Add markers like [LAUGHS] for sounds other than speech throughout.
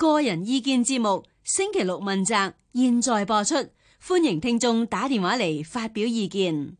個人意見節目星期六問責，現在播出，歡迎聽眾打電話嚟發表意見。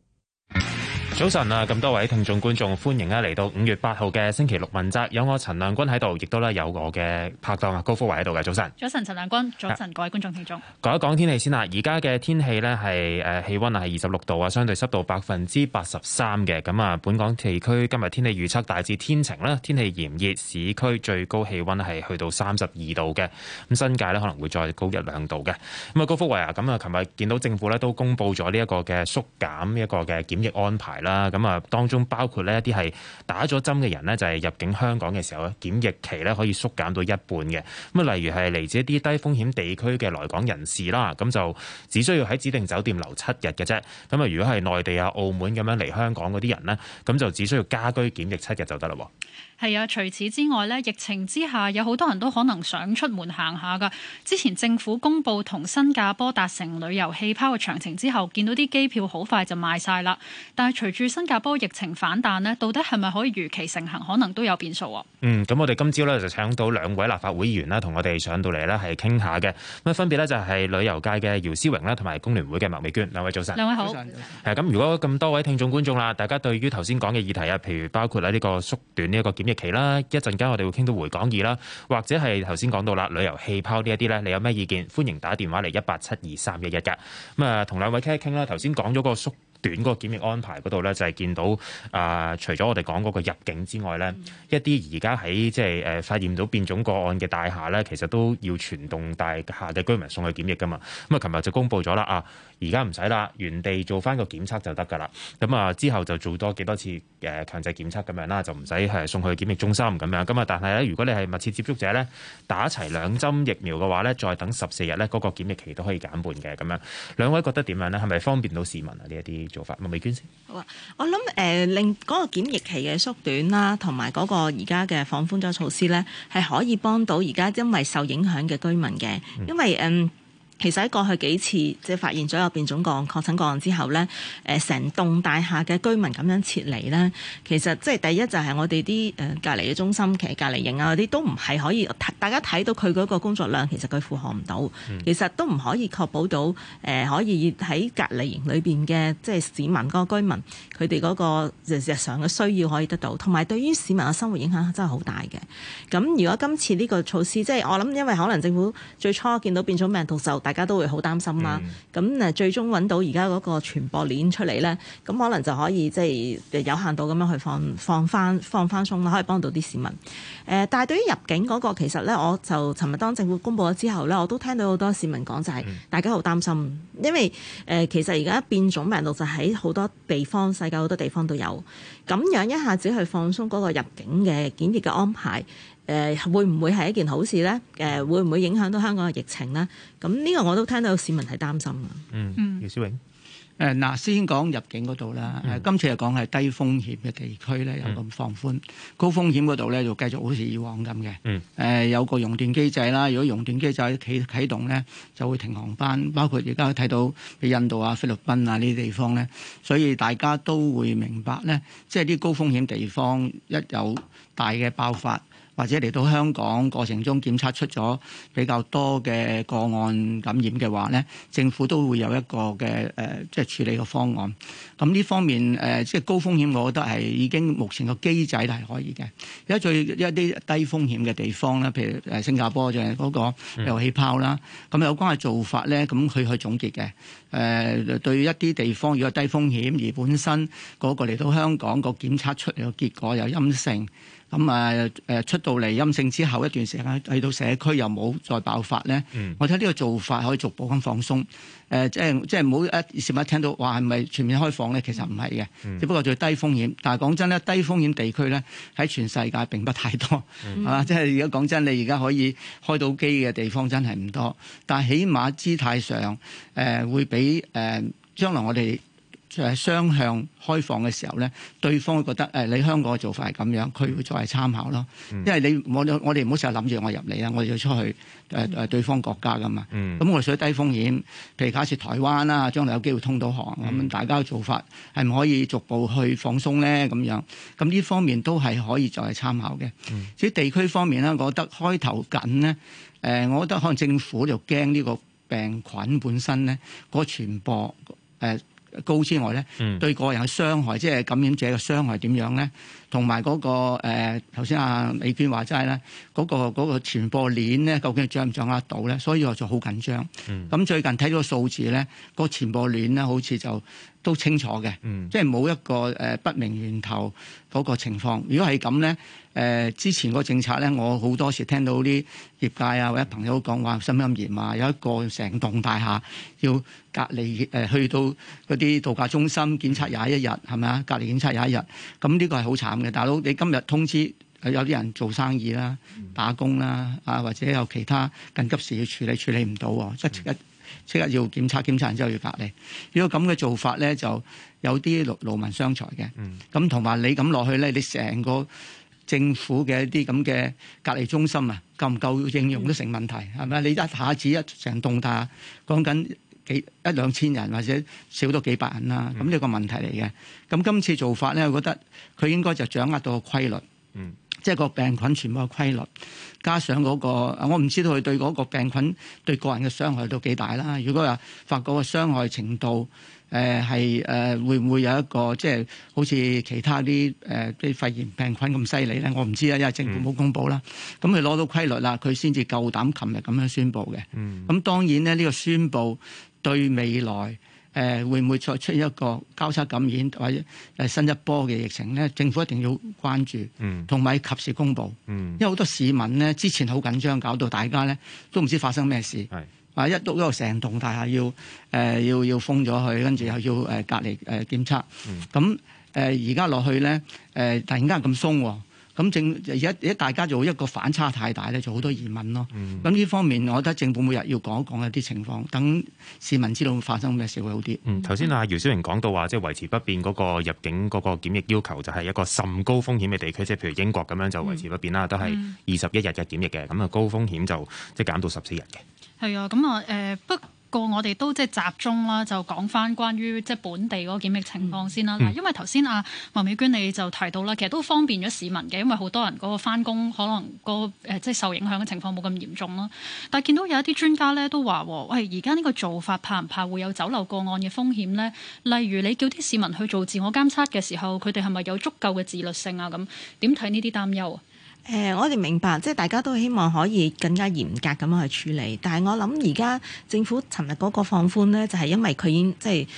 早晨啊！咁多位聽眾觀眾歡迎啊，嚟到五月八號嘅星期六問責，有我陳亮君喺度，亦都咧有我嘅拍檔啊高福偉喺度嘅。早晨，早晨陳亮君，早晨各位觀眾聽眾。講一講天氣先啦，而家嘅天氣咧係誒氣溫係二十六度啊，相對濕度百分之八十三嘅。咁啊，本港地區今日天氣預測大致天晴啦，天氣炎熱，市區最高氣溫係去到三十二度嘅。咁新界咧可能會再高一兩度嘅。咁啊，高福偉啊，咁啊，琴日見到政府咧都公布咗呢一個嘅縮減呢一個嘅檢疫安排啦。啦，咁啊，當中包括呢一啲係打咗針嘅人呢，就係入境香港嘅時候咧，檢疫期咧可以縮減到一半嘅。咁啊，例如係嚟自一啲低風險地區嘅來港人士啦，咁就只需要喺指定酒店留七日嘅啫。咁啊，如果係內地啊、澳門咁樣嚟香港嗰啲人呢，咁就只需要家居檢疫七日就得啦。係啊，除此之外咧，疫情之下有好多人都可能想出門行下㗎。之前政府公布同新加坡達成旅遊氣泡嘅詳情之後，見到啲機票好快就賣晒啦。但係隨住新加坡疫情反彈咧，到底係咪可以如期成行，可能都有變數。嗯，咁我哋今朝咧就請到兩位立法會議員啦，同我哋上到嚟咧係傾下嘅。咁分別咧就係旅遊界嘅姚思榮啦，同埋工聯會嘅麥美娟，兩位早晨。兩位好。係咁，如果咁多位聽眾觀眾啦，大家對於頭先講嘅議題啊，譬如包括喺呢個縮短呢一個檢日期啦，一陣間我哋會傾到回港易啦，或者係頭先講到啦，旅遊氣泡呢一啲呢，你有咩意見？歡迎打電話嚟一八七二三一一嘅咁啊，同兩位傾一傾啦。頭先講咗個縮短個檢疫安排嗰度呢，就係、是、見到啊、呃，除咗我哋講嗰個入境之外呢，一啲而家喺即係誒、呃、發現到變種個案嘅大廈呢，其實都要全棟大廈嘅居民送去檢疫噶嘛。咁啊，琴日就公布咗啦啊。而家唔使啦，原地做翻個檢測就得㗎啦。咁啊，之後就做多幾多次誒強制檢測咁樣啦，就唔使係送去檢疫中心咁樣。咁啊，但係咧，如果你係密切接觸者咧，打齊兩針疫苗嘅話咧，再等十四日咧，嗰個檢疫期都可以減半嘅咁樣。兩位覺得點樣咧？係咪方便到市民啊？呢一啲做法，麥美娟先。好啊，我諗誒、呃、令嗰個檢疫期嘅縮短啦，同埋嗰個而家嘅放寬咗措施咧，係可以幫到而家因為受影響嘅居民嘅，因為嗯。呃其實喺過去幾次即係發現咗有變種個案、確診個案之後咧，誒、呃、成棟大廈嘅居民咁樣撤離咧，其實即係第一就係我哋啲誒隔離嘅中心、其實隔離營啊嗰啲都唔係可以，大家睇到佢嗰個工作量，其實佢負荷唔到、嗯，其實都唔可以確保到誒、呃、可以喺隔離營裏邊嘅即係市民嗰個居民佢哋嗰個日常嘅需要可以得到，同埋對於市民嘅生活影響真係好大嘅。咁如果今次呢個措施，即係我諗因為可能政府最初見到變種病毒受。大家都會好擔心啦，咁、嗯、最終揾到而家嗰個傳播鏈出嚟咧，咁可能就可以即係有限度咁樣去放、嗯、放翻放翻鬆啦，可以幫到啲市民。誒、呃，但係對於入境嗰、嗰個，其實咧，我就尋日當政府公布咗之後咧，我都聽到好多市民講就係大家好擔心，因為、呃、其實而家變種病毒就喺好多地方、世界好多地方都有，咁樣一下子去放鬆嗰個入境嘅檢疫嘅安排。誒、呃、會唔會係一件好事咧？誒、呃、會唔會影響到香港嘅疫情咧？咁呢個我都聽到市民係擔心嘅。嗯，姚思榮，誒嗱，先講入境嗰度啦。今次又講係低風險嘅地區咧，有咁放寬、嗯；高風險嗰度咧，就繼續好似以往咁嘅。嗯。誒、呃、有個熔斷機制啦。如果熔斷機制起啟動咧，就會停航班。包括而家睇到印度啊、菲律賓啊呢啲地方咧，所以大家都會明白咧，即係啲高風險地方一有大嘅爆發。或者嚟到香港過程中檢測出咗比較多嘅個案感染嘅話咧，政府都會有一個嘅誒，即、呃、係處理嘅方案。咁呢方面誒、呃，即係高風險，我覺得係已經目前個機制係可以嘅。而家最一啲低風險嘅地方咧，譬如誒新加坡就係嗰、那個旅遊氣泡啦。咁、嗯、有關嘅做法咧，咁佢去，去總結嘅。誒、呃、對一啲地方如果低風險，而本身嗰個嚟到香港、嗰個檢測出嚟嘅結果又陰性，咁啊誒出到嚟陰性之後一段時間去到社區又冇再爆發咧、嗯，我睇呢個做法可以逐步咁放鬆。誒、呃、即係即係唔好一時一聽聽到話係咪全面開放咧？其實唔係嘅，只不過做低風險。但係講真咧，低風險地區咧喺全世界並不太多，嗯啊、即係如果講真，你而家可以開到機嘅地方真係唔多。但係起碼姿態上誒、呃、會比誒、呃、將來我哋。就誒雙向開放嘅時候咧，對方會覺得誒、呃、你香港嘅做法係咁樣，佢會再係參考咯。嗯、因為你我我哋唔好成日諗住我入嚟啦，我哋要，要，要出去誒誒、呃、對方國家噶嘛。咁、嗯、我哋想低風險，譬如假設台灣啦，將來有機會通到航咁，大家嘅做法係唔可以逐步去放鬆咧咁樣。咁呢方面都係可以再係參考嘅。所以地區方面咧，我覺得開頭緊咧，誒、呃，我覺得可能政府就驚呢個病菌本身咧，個傳播誒。呃高之外咧，對個人嘅傷害，嗯、即係感染者嘅傷害點樣咧？同埋嗰個誒頭先阿美娟話齋咧，嗰、個嗰、個、傳播鏈咧，究竟掌唔掌握到咧？所以我就好緊張。咁、嗯、最近睇到數字咧，個傳播鏈咧，好似就～都清楚嘅，即係冇一個誒不明源頭嗰個情況。如果係咁咧，誒、呃、之前個政策咧，我好多時聽到啲業界啊或者朋友講話心噏啊，有一個成棟大廈要隔離誒、呃、去到嗰啲度假中心檢測廿一日係咪啊？隔離檢測廿一日，咁呢個係好慘嘅。大佬你今日通知有啲人做生意啦、打工啦啊，或者有其他緊急事要處理處理唔到，即係一。即刻要檢查檢查，完之後要隔離。如果咁嘅做法咧，就有啲勞勞民傷財嘅。咁同埋你咁落去咧，你成個政府嘅一啲咁嘅隔離中心啊，夠唔夠應用都成問題，係咪啊？你一下子一成動態，講緊幾一兩千人，或者少到幾百人啦，咁、嗯、呢個問題嚟嘅。咁今次做法咧，我覺得佢應該就掌握到個規律。嗯即係個病菌全部嘅規律，加上嗰、嗰個，我唔知道佢對嗰個病菌對個人嘅傷害都幾大啦。如果話發覺嗰個傷害程度，誒係誒會唔會有一個即係好似其他啲誒啲肺炎病菌咁犀利咧？我唔知啦，因為政府冇公布啦。咁佢攞到規律啦，佢先至夠膽琴日咁樣宣布嘅。咁、嗯、當然咧，呢、呢個宣布對未來。誒會唔會再出一個交叉感染或者新一波嘅疫情咧？政府一定要關注，同埋、嗯、及時公佈。因為好多市民咧之前好緊張，搞到大家咧都唔知發生咩事。啊！一讀到成棟大廈要、呃、要要封咗佢，跟住又要隔離誒檢測。咁而家落去咧、呃、突然間咁鬆。咁政而家而家大家就一個反差太大咧，就好多疑問咯。咁、嗯、呢方面，我覺得政府每日要講一講一啲情況，等市民知道會發生咩事會好啲。頭先阿姚小玲講到話，即係維持不變嗰個入境嗰個檢疫要求，就係一個甚高風險嘅地區，即係譬如英國咁樣就維持不變啦、嗯，都係二十一日嘅檢疫嘅。咁啊，高風險就即係減到十四日嘅。係啊，咁啊誒不。個我哋都即係集中啦，就講翻關於即係本地嗰個檢疫情況先啦。嗯、因為頭先阿麥美娟你就提到啦，其實都方便咗市民嘅，因為好多人嗰個翻工可能嗰、那、誒、個呃、即係受影響嘅情況冇咁嚴重咯。但係見到有一啲專家咧都話，喂，而家呢個做法怕唔怕會有走漏個案嘅風險咧？例如你叫啲市民去做自我監測嘅時候，佢哋係咪有足夠嘅自律性啊？咁點睇呢啲擔憂？誒、呃，我哋明白，即係大家都希望可以更加嚴格咁樣去處理，但係我諗而家政府尋日嗰個放寬咧，就係因為佢已經即係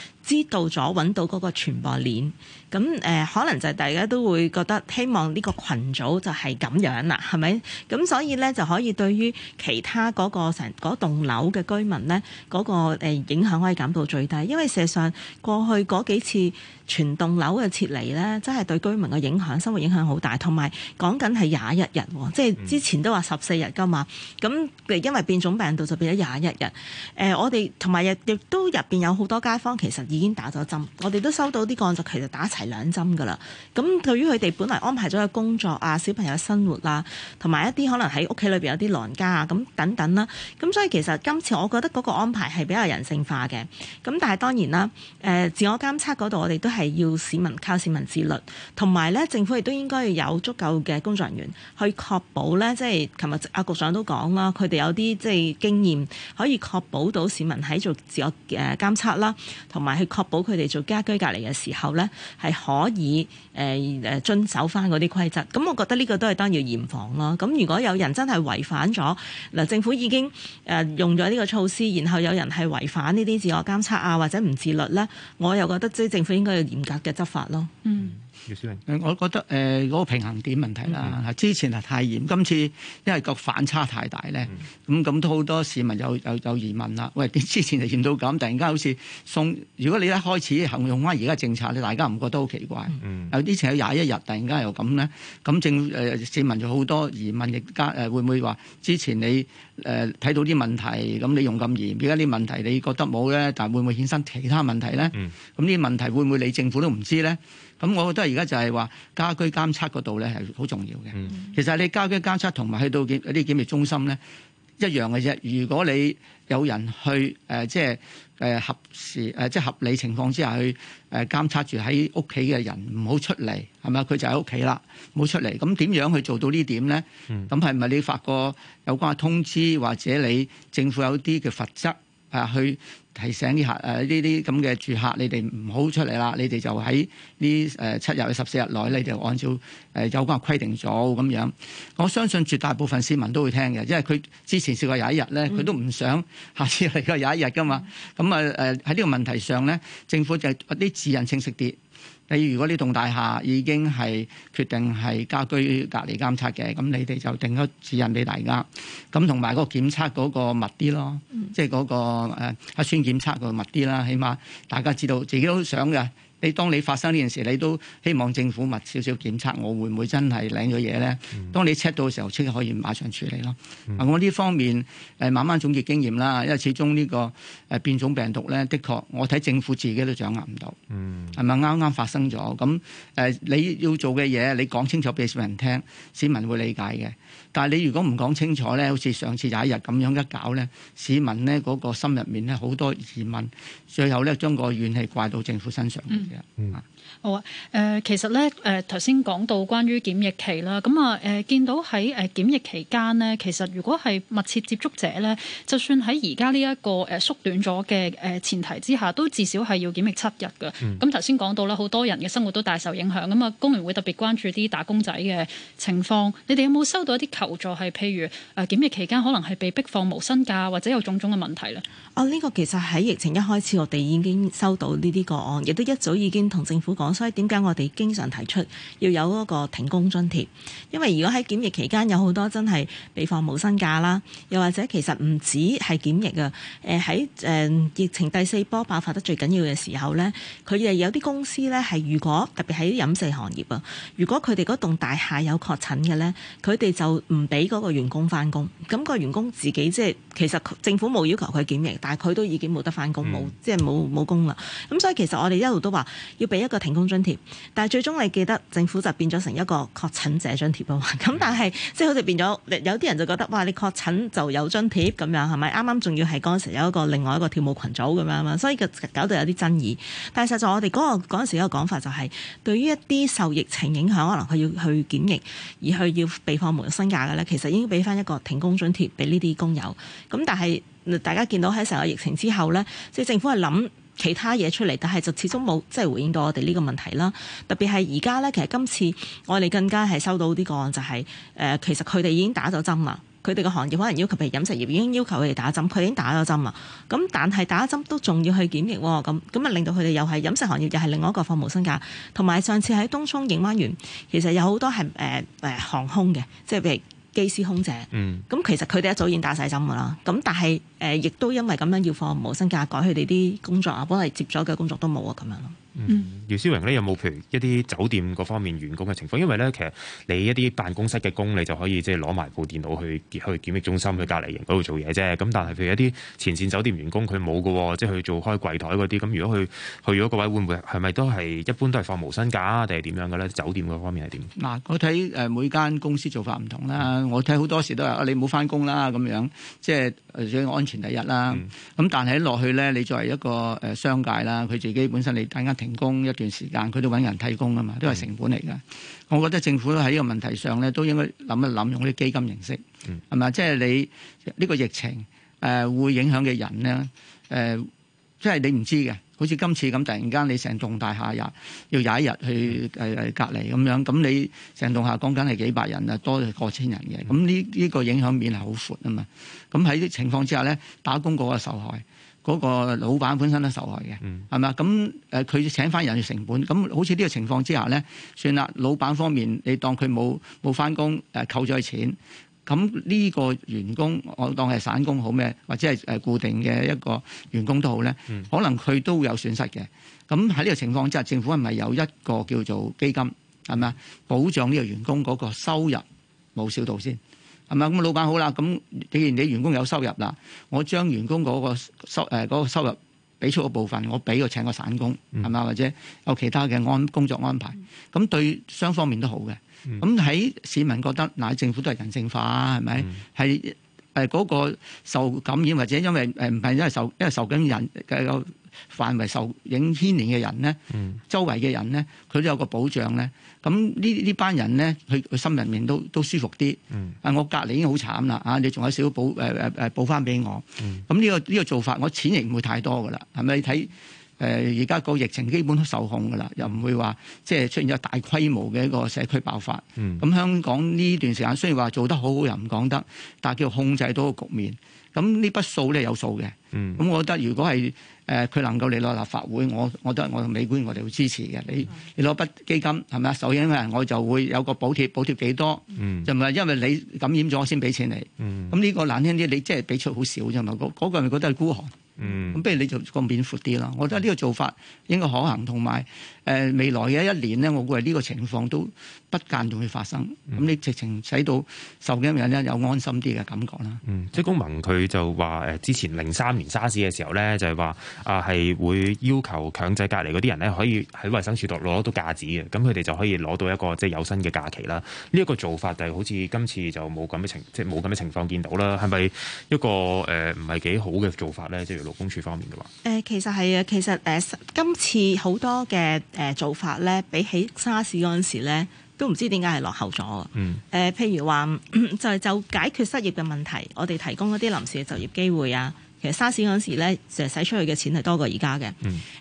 知道咗揾到嗰個傳播鏈。咁誒、呃，可能就係大家都會覺得希望呢個群組就係咁樣啦，係咪？咁所以呢，就可以對於其他嗰成嗰棟樓嘅居民呢，嗰、嗰個、呃、影響可以減到最低。因為事實上過去嗰幾次全棟樓嘅撤離呢，真係對居民嘅影響，生活影響好大。同埋講緊係廿一日喎，哦，即係之前都話十四日㗎嘛。咁因為變種病毒就變咗廿一日。誒、呃，我哋同埋亦都入面有好多街坊其實已經打咗針。我哋都收到啲干就其實打兩針噶啦，咁對於佢哋本來安排咗嘅工作啊、小朋友生活啊，同埋一啲可能喺屋企裏邊有啲老人家啊，咁等等啦、啊，咁所以其實今次我覺得嗰個安排係比較人性化嘅，咁但係當然啦，誒、呃、自我監測嗰度我哋都係要市民靠市民自律，同埋咧政府亦都應該要有足夠嘅工作人員去確保咧，即係琴日阿局長都講啦，佢哋有啲即係經驗可以確保到市民喺做自我誒監測啦，同埋去確保佢哋做家居隔離嘅時候咧係，可以誒誒遵守翻嗰啲規則，咁我覺得呢個都係當然要嚴防咯。咁如果有人真係違反咗嗱，政府已經誒用咗呢個措施，然後有人係違反呢啲自我監測啊或者唔自律呢，我又覺得即政府應該要嚴格嘅執法咯。嗯。小、yes, 呃、我覺得誒嗰、呃那個平衡點問題啦，mm-hmm. 之前係太嚴，今次因為個反差太大咧，咁、mm-hmm. 咁都好多市民有有有疑問啦。喂，之前係嚴到咁，突然間好似送，如果你一開始行用翻而家政策你，大家唔覺得好奇怪？有、mm-hmm. 啲前有廿一日，突然間又咁咧，咁政誒市民就好多疑問，亦加誒會唔會話之前你？誒睇到啲問題，咁你用咁嚴，而家啲問題你覺得冇咧，但會唔會衍生其他問題咧？咁呢啲問題會唔會你政府都唔知咧？咁我覺得而家就係話家居監測嗰度咧係好重要嘅。嗯、其實你家居監測同埋去到啲檢疫中心咧。一樣嘅啫。如果你有人去誒、呃，即係誒、呃、合時誒、呃，即係合理情況之下去誒、呃、監察住喺屋企嘅人，唔好出嚟，係咪？佢就喺屋企啦，唔好出嚟。咁點樣去做到這點呢點咧？嗯。咁係咪你發個有關嘅通知，或者你政府有啲嘅罰則啊、呃、去？提醒啲客，誒，呢啲咁嘅住客，你哋唔好出嚟啦，你哋就喺呢誒七日去十四日內，你哋按照誒有關嘅規定做咁樣。我相信絕大部分市民都會聽嘅，因為佢之前試過有一日咧，佢都唔想下次嚟過有一日噶嘛。咁啊誒喺呢個問題上咧，政府就係啲字眼清晰啲。你如果呢棟大廈已經係決定係家居隔離監測嘅，咁你哋就定咗指引俾大家，咁同埋嗰個檢測嗰個密啲咯，即係嗰個、呃、核酸檢測個密啲啦，起碼大家知道自己都想嘅。你當你發生呢件事，你都希望政府密少少檢測，我會唔會真係領咗嘢咧？當你 check 到嘅時候，即係可以馬上處理咯。啊、嗯，我呢方面誒慢慢總結經驗啦，因為始終呢個誒變種病毒咧，的確我睇政府自己都掌握唔到。嗯，係咪啱啱發生咗？咁誒你要做嘅嘢，你講清楚俾市民聽，市民會理解嘅。但係你如果唔講清楚咧，好似上次有一日咁樣一搞咧，市民咧嗰個心入面咧好多疑問，最後咧將個怨氣怪到政府身上。嗯。嗯，好、哦、啊。誒、呃，其實咧，誒頭先講到關於檢疫期啦，咁啊，誒、呃、見到喺誒檢疫期間呢，其實如果係密切接觸者咧，就算喺而家呢一個誒縮短咗嘅誒前提之下，都至少係要檢疫七日㗎。咁頭先講到啦，好多人嘅生活都大受影響，咁啊，工聯會特別關注啲打工仔嘅情況。你哋有冇收到一啲求助係譬如誒、呃、檢疫期間可能係被逼放無薪假或者有種種嘅問題咧？啊、哦，呢、這個其實喺疫情一開始，我哋已經收到呢啲個案，亦都一早。意見同政府講，所以點解我哋經常提出要有嗰個停工津貼？因為如果喺檢疫期間有好多真係被放冇薪假啦，又或者其實唔止係檢疫啊，喺疫情第四波爆發得最緊要嘅時候咧，佢哋有啲公司咧係如果特別喺飲食行業啊，如果佢哋嗰棟大廈有確診嘅咧，佢哋就唔俾嗰個員工翻工。咁個員工自己即係其實政府冇要求佢檢疫，但佢都已經冇得翻工，冇即係冇冇工啦。咁所以其實我哋一路都話。要俾一個停工津貼，但係最終你記得政府就變咗成一個確診者津貼啊嘛，咁但係即係好似變咗，有啲人就覺得哇，你確診就有津貼咁樣係咪？啱啱仲要係嗰陣時有一個另外一個跳舞群組咁樣嘛，所以搞到有啲爭議。但係實在我哋嗰、嗰個嗰陣時一個講法就係、是，對於一啲受疫情影響，可能佢要去檢疫而去要被放唔到薪假嘅咧，其實應俾翻一個停工津貼俾呢啲工友。咁但係大家見到喺成個疫情之後咧，即係政府係諗。其他嘢出嚟，但係就始終冇即係回應到我哋呢個問題啦。特別係而家咧，其實今次我哋更加係收到呢、呢個案，就係、是、誒、呃、其實佢哋已經打咗針啦。佢哋個行業可能要求譬如飲食業已經要求佢哋打針，佢已經打咗針啦。咁但係打針都仲要去檢疫喎。咁咁啊，令到佢哋又係飲食行業又係另外一個放無薪假。同埋上次喺東涌映灣園，其實有好多係誒誒航空嘅，即係譬如機師空姐。嗯。咁其實佢哋一早已經打晒針㗎啦。咁但係。誒，亦都因為咁樣要放無薪假，改佢哋啲工作啊，本嚟接咗嘅工作都冇啊，咁樣咯。姚思榮呢有冇譬如一啲酒店嗰方面員工嘅情況？因為呢，其實你一啲辦公室嘅工，你就可以即係攞埋部電腦去去檢疫中心、去隔離營嗰度做嘢啫。咁但係譬如一啲前線酒店員工佢冇嘅，即係去做開櫃枱嗰啲。咁如果去去咗嗰位，會唔會係咪都係一般都係放無薪假？定係點樣嘅呢？酒店嗰方面係點？嗱，我睇誒每間公司做法唔同啦，嗯。我睇好多時都係你唔好返工啦咁樣，即係。所以安全第一啦。咁但喺落去咧，你作為一個誒商界啦，佢自己本身你間間停工一段時間，佢都揾人提供啊嘛，都係成本嚟㗎。我覺得政府都喺呢個問題上咧，都應該諗一諗用啲基金形式，係咪？即係你呢個疫情誒會影響嘅人咧，誒即係你唔知嘅。好似今次咁，突然間你成棟大廈日要有一日去隔離咁樣，咁你成棟大廈講緊係幾百人啊，多過千人嘅。咁呢呢個影響面係好闊啊嘛。咁喺情況之下咧，打工嗰個受害，嗰、嗰個老闆本身都受害嘅，係、嗯、咪？咁誒佢請翻人嘅成本，咁好似呢個情況之下咧，算啦，老闆方面你當佢冇冇翻工扣咗佢錢。咁呢個員工，我當係散工好咩，或者係呃固定嘅一個員工都好咧，可能佢都有損失嘅。咁喺呢個情況之下，政府係咪有一個叫做基金，係咪啊，保障呢個員工嗰個收入冇少到先係咪啊，咁老闆好啦，咁既然你員工有收入啦，我將員工嗰、呃那個收收入俾出個部分，我俾佢請個散工係咪、嗯、或者有其他嘅安工作安排，咁對雙方面都好嘅。咁、嗯、喺、嗯、市民覺得，嗱，政府都係人性化啊，係咪？係誒嗰個受感染或者因為誒唔係因為受因為受緊人嘅範圍受影牽連嘅人咧、嗯，周圍嘅人咧，佢都有個保障咧。咁呢呢班人咧，佢佢心入面都都舒服啲、嗯。啊，我隔離已經好慘啦，啊，你仲有少少補誒誒誒補翻俾我。咁、嗯、呢、嗯呢個呢、呢個做法，我錢亦唔會太多噶啦，係咪？你睇。誒而家個疫情基本都受控㗎啦，又唔會話即係出現咗大規模嘅一個社區爆發。咁、嗯、香港呢段時間雖然話做得好好，又唔講得，但係叫控制到個局面。咁呢筆數咧有數嘅。咁、嗯、我覺得如果係誒佢能夠嚟攞立法會，我我覺得我同美娟我哋會支持嘅。你、嗯、你攞筆基金係咪啊？受影響嘅人我就會有個補貼，補貼幾多？就唔係因為你感染咗我先俾錢你。咁、嗯、呢個難聽啲，你即係俾出好少啫嘛。嗰、那、嗰個係咪覺得係孤寒？嗯，咁不如你做個面闊啲啦，我覺得呢個做法應該可行，同埋。誒未來嘅一年咧，我估係呢個情況都不間斷會發生。咁、嗯、你直情使到受影響人咧有安心啲嘅感覺啦。嗯，即係公民佢就話誒，之前零三年沙士嘅時候咧，就係、是、話啊係會要求強制隔離嗰啲人咧，可以喺衞生署度攞到假紙嘅，咁佢哋就可以攞到一個即係有薪嘅假期啦。呢、這、一個做法就係好似今次就冇咁嘅情，即係冇咁嘅情況見到啦。係咪一個誒唔係幾好嘅做法咧？即係勞工處方面嘅話？誒、呃，其實係啊，其實誒、呃、今次好多嘅。誒、呃、做法咧，比起沙士嗰陣時咧，都唔知點解係落後咗嘅、嗯呃。譬如話，就係就解決失業嘅問題，我哋提供一啲臨時嘅就業機會啊。其實沙士嗰陣時咧，就係使出去嘅錢係多過而家嘅。誒、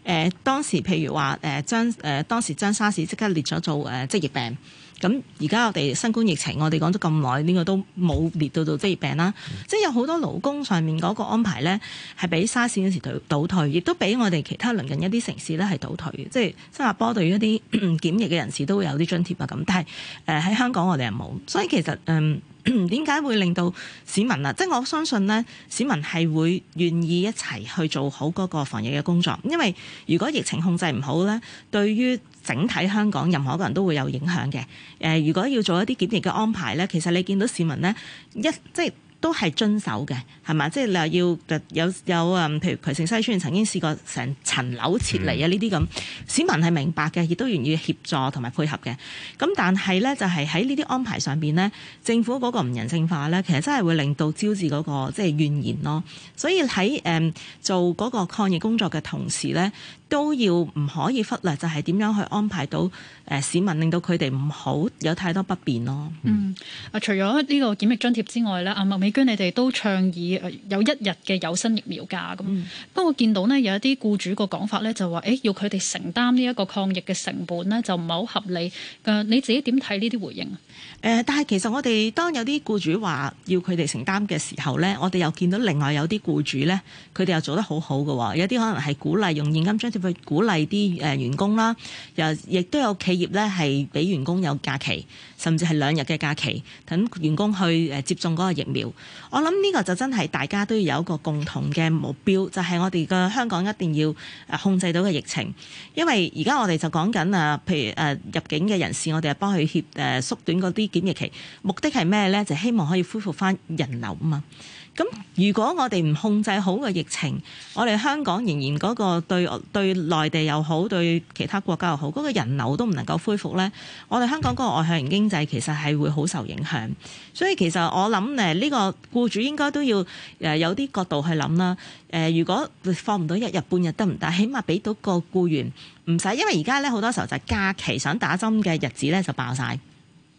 呃、當時譬如話誒將誒、呃、當時將沙士即刻列咗做誒職業病。咁而家我哋新冠疫情，我哋講咗咁耐，呢個都冇列到做職業病啦。嗯、即係有好多勞工上面嗰個安排咧，係比沙士嗰時倒退，亦都比我哋其他鄰近一啲城市咧係倒退嘅。即係新加坡對於一啲 [COUGHS] 檢疫嘅人士都會有啲津貼啊咁，但係誒喺香港我哋係冇。所以其實嗯。呃點解 [COUGHS] 會令到市民啊？即係我相信呢，市民係會願意一齊去做好嗰個防疫嘅工作，因為如果疫情控制唔好呢，對於整體香港任何一個人都會有影響嘅。呃。如果要做一啲檢疫嘅安排呢，其實你見到市民呢，一即係都係遵守嘅。係嘛？即係話要有有誒，譬如葵盛西村曾經試過成層樓撤離啊，呢啲咁市民係明白嘅，亦都願意協助同埋配合嘅。咁但係咧，就係喺呢啲安排上邊呢，政府嗰個唔人性化咧，其實真係會令到招致嗰個即係怨言咯。所以喺誒做嗰個抗疫工作嘅同時咧，都要唔可以忽略，就係點樣去安排到誒市民，令到佢哋唔好有太多不便咯。嗯，啊，除咗呢個檢疫津貼之外咧，阿麥美娟，你哋都倡議。有一日嘅有薪疫苗假咁，嗯，不過見到呢，有一啲僱主個講法呢，就話誒、欸，要佢哋承擔呢一個抗疫嘅成本呢，就唔係好合理。誒，你自己點睇呢啲回應啊？誒、呃，但係其實我哋當有啲僱主話要佢哋承擔嘅時候呢，我哋又見到另外有啲僱主呢，佢哋又做得好好嘅，有啲可能係鼓勵用現金津貼去鼓勵啲誒員工啦，又亦都有企業呢，係俾員工有假期，甚至係兩日嘅假期，等員工去誒接種嗰個疫苗。我諗呢個就真係。係大家都要有一個共同嘅目標，就係、是、我哋嘅香港一定要控制到嘅疫情。因為而家我哋就講緊啊，譬如誒，入境嘅人士，我哋啊幫佢，協誒，縮短嗰啲檢疫期。目的係咩？咧？就是、希望可以恢復翻人流啊嘛。咁如果我哋唔控制好個疫情，我哋香港仍然嗰個對對內地又好，對其他國家又好，嗰個人流都唔能夠恢復咧。我哋香港個外向型經濟其實係會好受影響，所以其實我諗誒呢個僱主應該都要誒有啲角度去諗啦。誒、呃、如果放唔到一日半日得唔得？起碼俾到個僱員唔使，因為而家咧好多時候就係假期想打針嘅日子咧就爆晒，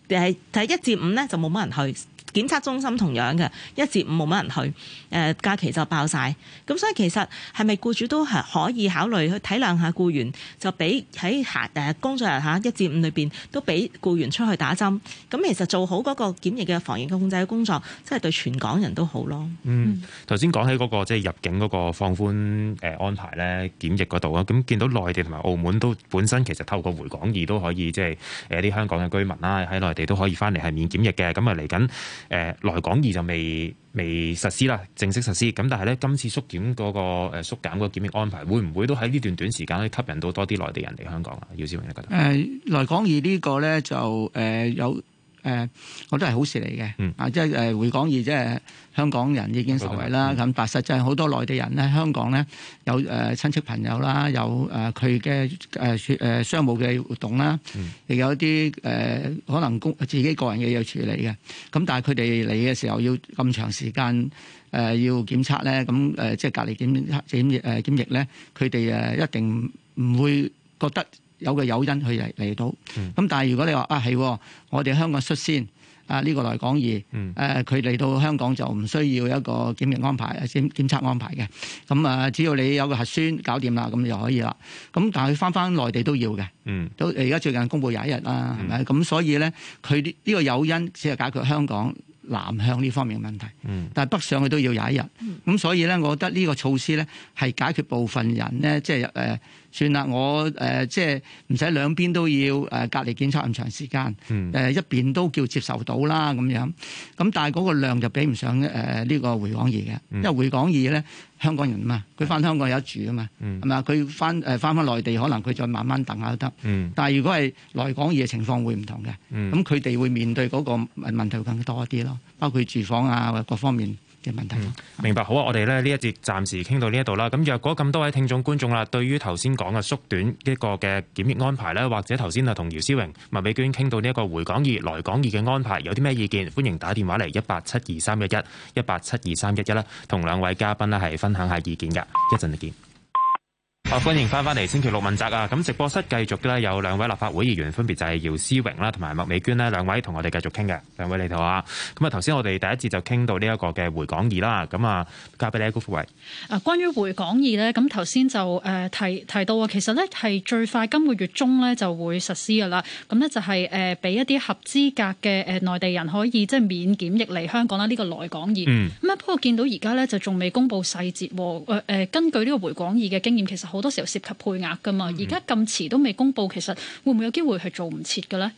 定係一至五咧就冇乜人去。檢測中心同樣嘅一至五冇乜人去，誒假期就爆晒。咁所以其實係咪僱主都係可以考慮去體諒下僱員，就俾喺下誒工作日吓一至五裏邊都俾僱員出去打針。咁其實做好嗰個檢疫嘅防疫嘅控制嘅工作，真係對全港人都好咯。嗯，頭先講起嗰、那個即係、就是、入境嗰個放寬誒安排咧，檢疫嗰度啊，咁見到內地同埋澳門都本身其實透過回港易都可以即係誒啲香港嘅居民啦、啊，喺內地都可以翻嚟係免檢疫嘅，咁啊嚟緊。誒、呃、來港易就未未實施啦，正式實施。咁但係咧，今次縮檢嗰、那個誒縮減嗰個檢疫安排，會唔會都喺呢段短時間咧吸引到多啲內地人嚟香港啊？姚思榮，你覺得？誒、呃、來港易呢個咧就誒、呃、有。誒、呃，我都係好事嚟嘅、嗯，啊，即係誒回港易，即係香港人已經受惠啦。咁、嗯、但實際好多內地人咧，香港咧有誒、呃、親戚朋友啦，有誒佢嘅誒誒商務嘅活動啦，亦、嗯、有啲誒、呃、可能公自己個人嘅嘢要處理嘅。咁但係佢哋嚟嘅時候要咁長時間誒、呃、要檢測咧，咁誒即係隔離檢測檢誒檢疫咧，佢哋誒一定唔會覺得有個誘因去嚟嚟到，咁但係如果你話啊係，我哋香港率先啊呢、這個來港易，佢、嗯、嚟、啊、到香港就唔需要一個檢疫安排、檢檢測安排嘅，咁啊只要你有個核酸搞掂啦，咁就可以啦。咁但係翻翻內地都要嘅、嗯，都而家最近公布廿一日啦，係、嗯、咪？咁所以咧，佢呢個誘因只係解決香港南向呢方面嘅問題、嗯，但係北上佢都要廿一日。咁、嗯、所以咧，我覺得呢個措施咧係解決部分人咧，即、就、係、是呃算啦，我誒、呃、即係唔使兩邊都要誒、呃、隔離檢測咁長時間，誒、嗯呃、一邊都叫接受到啦咁樣。咁但係嗰個量就比唔上誒呢、呃這個回港易嘅，因為回港易咧香港人嘛，佢翻香港有得住啊嘛，係、嗯、嘛？佢翻誒翻翻內地，可能佢再慢慢等下都得。但係如果係來港易嘅情況會唔同嘅，咁佢哋會面對嗰個問題會更多啲咯，包括住房啊或各方面。嘅、嗯、明白好啊！我哋呢一節暫時傾到呢一度啦。咁若果咁多位聽眾觀眾啦，對於頭先講嘅縮短一個嘅檢疫安排咧，或者頭先啊同姚思榮、麥美娟傾到呢一個回港易、來港易嘅安排，有啲咩意見？歡迎打電話嚟一八七二三一一一八七二三一一啦，同兩位嘉賓呢係分享一下意見㗎。一陣就見。歡歡迎翻返嚟星期六問責啊！咁直播室繼續咧，有兩位立法會議員，分別就係姚思榮啦，同埋麥美娟啦。兩位同我哋繼續傾嘅。兩位你到啊！咁啊，頭先我哋第一次就傾到呢一個嘅回港議啦。咁啊，交俾你阿高福慧。啊，關於回港議呢，咁頭先就誒提提到啊，其實呢係最快今個月中呢就會實施噶啦。咁呢就係畀俾一啲合資格嘅誒內地人可以即係免檢疫嚟香港啦。呢、這個內港議咁啊，不過見到而家呢，就仲未公布細節喎。根據呢個回港議嘅經驗，其實好。好多時候涉及配額噶嘛？而家咁遲都未公布，其實會唔會有機會係做唔切嘅咧？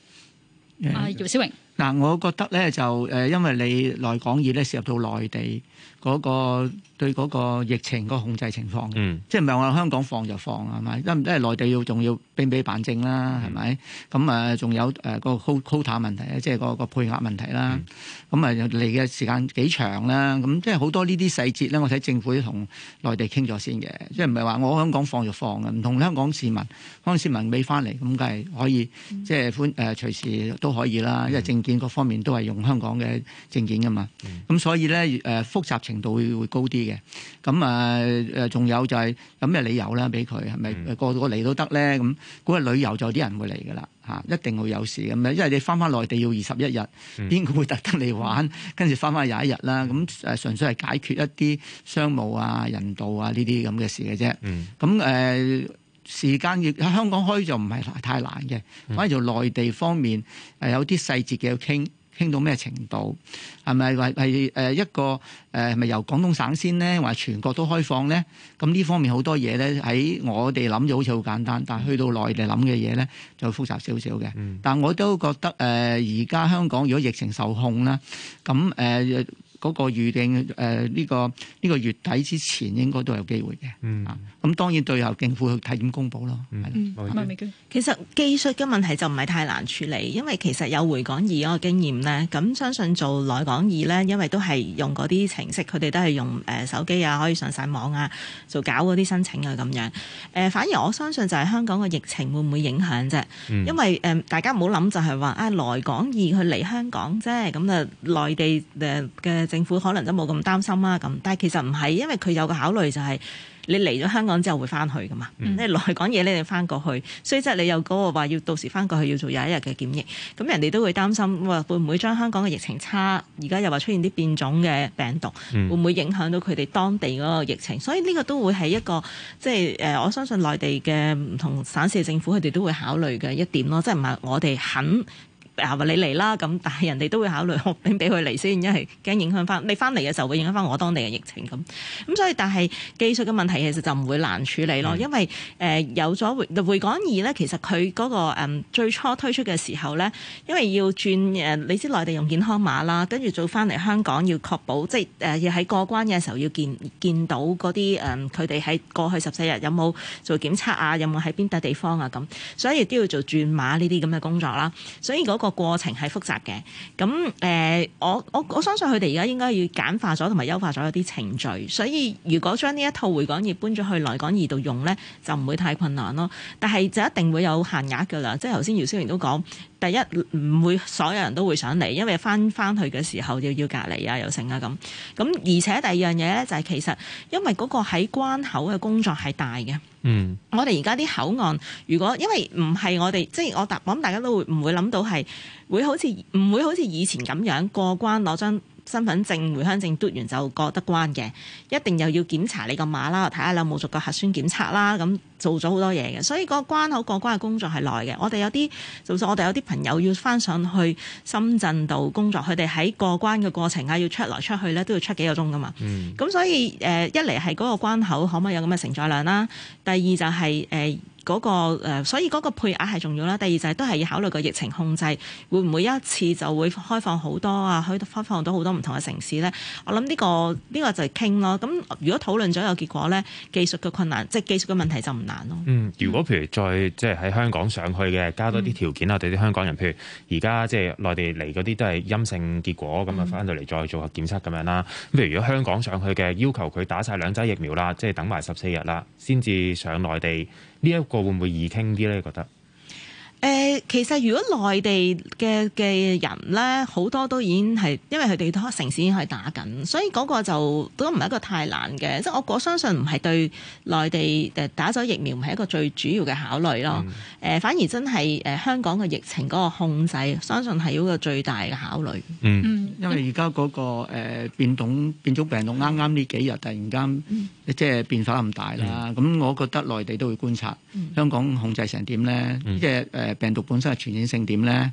阿、yeah, 姚思榮，嗱，我覺得咧就誒，因為你來港易咧涉及到內地。嗰、那個對嗰個疫情個控制情況嘅、嗯，即係唔係話香港放就放係咪？因因為內地要仲要俾俾辦證啦，係咪？咁誒仲有誒、呃、個 quota 問題啊，即係個配額問題啦。咁誒嚟嘅時間幾長啦？咁即係好多呢啲細節咧，我睇政府都同內地傾咗先嘅。即係唔係話我香港放就放嘅？唔同香港市民，香港市民未翻嚟，咁梗係可以、嗯、即係寬誒隨時都可以啦。因為證件各方面都係用香港嘅證件噶嘛。咁、嗯、所以咧誒、呃、複程度會會高啲嘅，咁啊誒，仲有就係有咩理由啦？俾佢係咪過到嚟都得咧？咁、那、嗰個旅遊就有啲人會嚟噶啦，嚇一定會有事咁。因為你翻翻內地要二十一日，邊、嗯、個會特登嚟玩？跟住翻翻廿一日啦，咁、嗯、誒純粹係解決一啲商務啊、人道啊呢啲咁嘅事嘅啫。咁、嗯、誒、呃、時間要喺香港開就唔係太難嘅，反而就內地方面係有啲細節嘅要傾。傾到咩程度？係咪話係誒一個誒，係咪由廣東省先呢，或全國都開放呢？咁呢方面好多嘢呢，喺我哋諗就好似好簡單，但係去到內地諗嘅嘢呢，就複雜少少嘅。但我都覺得誒，而、呃、家香港如果疫情受控啦，咁誒。呃嗰、呃這個預定誒呢個呢個月底之前應該都有機會嘅、嗯，啊，咁當然最後政府去睇點公佈咯，冇、嗯嗯嗯、其實技術嘅問題就唔係太難處理，因為其實有回港易嗰個經驗咧，咁相信做來港易咧，因為都係用嗰啲程式，佢哋都係用誒手機啊，可以上晒網啊，做搞嗰啲申請啊咁樣。誒、呃，反而我相信就係香港嘅疫情會唔會影響啫、嗯？因為誒、呃，大家唔好諗就係話啊，來港易佢嚟香港啫，咁啊，內地誒嘅。政府可能都冇咁擔心啦，咁但係其實唔係，因為佢有個考慮就係，你嚟咗香港之後會翻去噶嘛，即係來講嘢你哋翻過去，所以即係你有個話要到時翻過去要做廿一日嘅檢疫，咁人哋都會擔心，會唔會將香港嘅疫情差，而家又話出現啲變種嘅病毒，嗯、會唔會影響到佢哋當地嗰個疫情？所以呢個都會係一個，即係、誒、我相信內地嘅唔同省市政府佢哋都會考慮嘅一點咯，即係唔係我哋肯。你嚟啦咁，但係人哋都會考慮可唔可以俾佢嚟先，因為驚影響翻你翻嚟嘅時候會影響翻我當地嘅疫情咁。咁所以但係技術嘅問題其實就唔會難處理咯，因為誒有咗回，回港易咧，其實佢嗰個誒最初推出嘅時候咧，因為要轉誒，你知內地用健康碼啦，跟住做翻嚟香港要確保，即係誒要喺過關嘅時候要見見到嗰啲誒，佢哋喺過去十四日有冇做檢測啊，有冇喺邊笪地方啊咁，所以亦都要做轉碼呢啲咁嘅工作啦。所以嗰個過程係複雜嘅，咁誒、呃，我我我相信佢哋而家應該要簡化咗同埋優化咗一啲程序，所以如果將呢一套回港業搬咗去來港業度用咧，就唔會太困難咯。但係就一定會有限額噶啦，即係頭先姚思榮都講。第一，唔會所有人都會想嚟，因為返返去嘅時候要要隔離啊，又剩啊咁。咁而且第二樣嘢咧，就係其實因為嗰個喺關口嘅工作係大嘅。嗯，我哋而家啲口岸，如果因為唔係我哋，即係我答我諗大家都會唔會諗到係會好似唔會好似以前咁樣過關攞張身份證、回鄉證篤完就過得關嘅，一定又要檢查你個碼啦，睇下你有冇做過核酸檢測啦，咁做咗好多嘢嘅，所以個關口過關嘅工作係耐嘅。我哋有啲，就算我哋有啲朋友要翻上去深圳度工作，佢哋喺過關嘅過程啊，要出來出去咧，都要出幾個鐘噶嘛。咁、嗯、所以、呃、一嚟係嗰個關口可唔可以有咁嘅承載量啦？第二就係、是呃嗰、那個所以嗰個配額係重要啦。第二就係都係要考慮個疫情控制會唔會一次就會開放好多啊？可以開放到好多唔同嘅城市咧。我諗呢、這個呢、這個就係傾咯。咁如果討論咗有結果咧，技術嘅困難即係技術嘅問題就唔難咯。嗯，如果譬如再即係喺香港上去嘅，加多啲條件啊、嗯，對啲香港人，譬如而家即係內地嚟嗰啲都係陰性結果咁啊，翻到嚟再做下檢測咁樣啦。咁、嗯、譬如如果香港上去嘅，要求佢打晒兩劑疫苗啦，即係等埋十四日啦，先至上內地。呢一個會唔會易傾啲咧？你覺得？誒、呃，其實如果內地嘅嘅人咧，好多都已經係因為佢哋都城市已經係打緊，所以嗰個就都唔係一個太難嘅。即係我相信唔係對內地誒打咗疫苗唔係一個最主要嘅考慮咯。誒、嗯呃，反而真係誒、呃、香港嘅疫情嗰個控制，相信係一個最大嘅考慮。嗯嗯，因為而家嗰個誒、呃、變種變種病毒啱啱呢幾日突然間、嗯、即係變化咁大啦。咁、嗯嗯、我覺得內地都會觀察、嗯、香港控制成點咧，即係誒。呃病毒本身係傳染性點咧？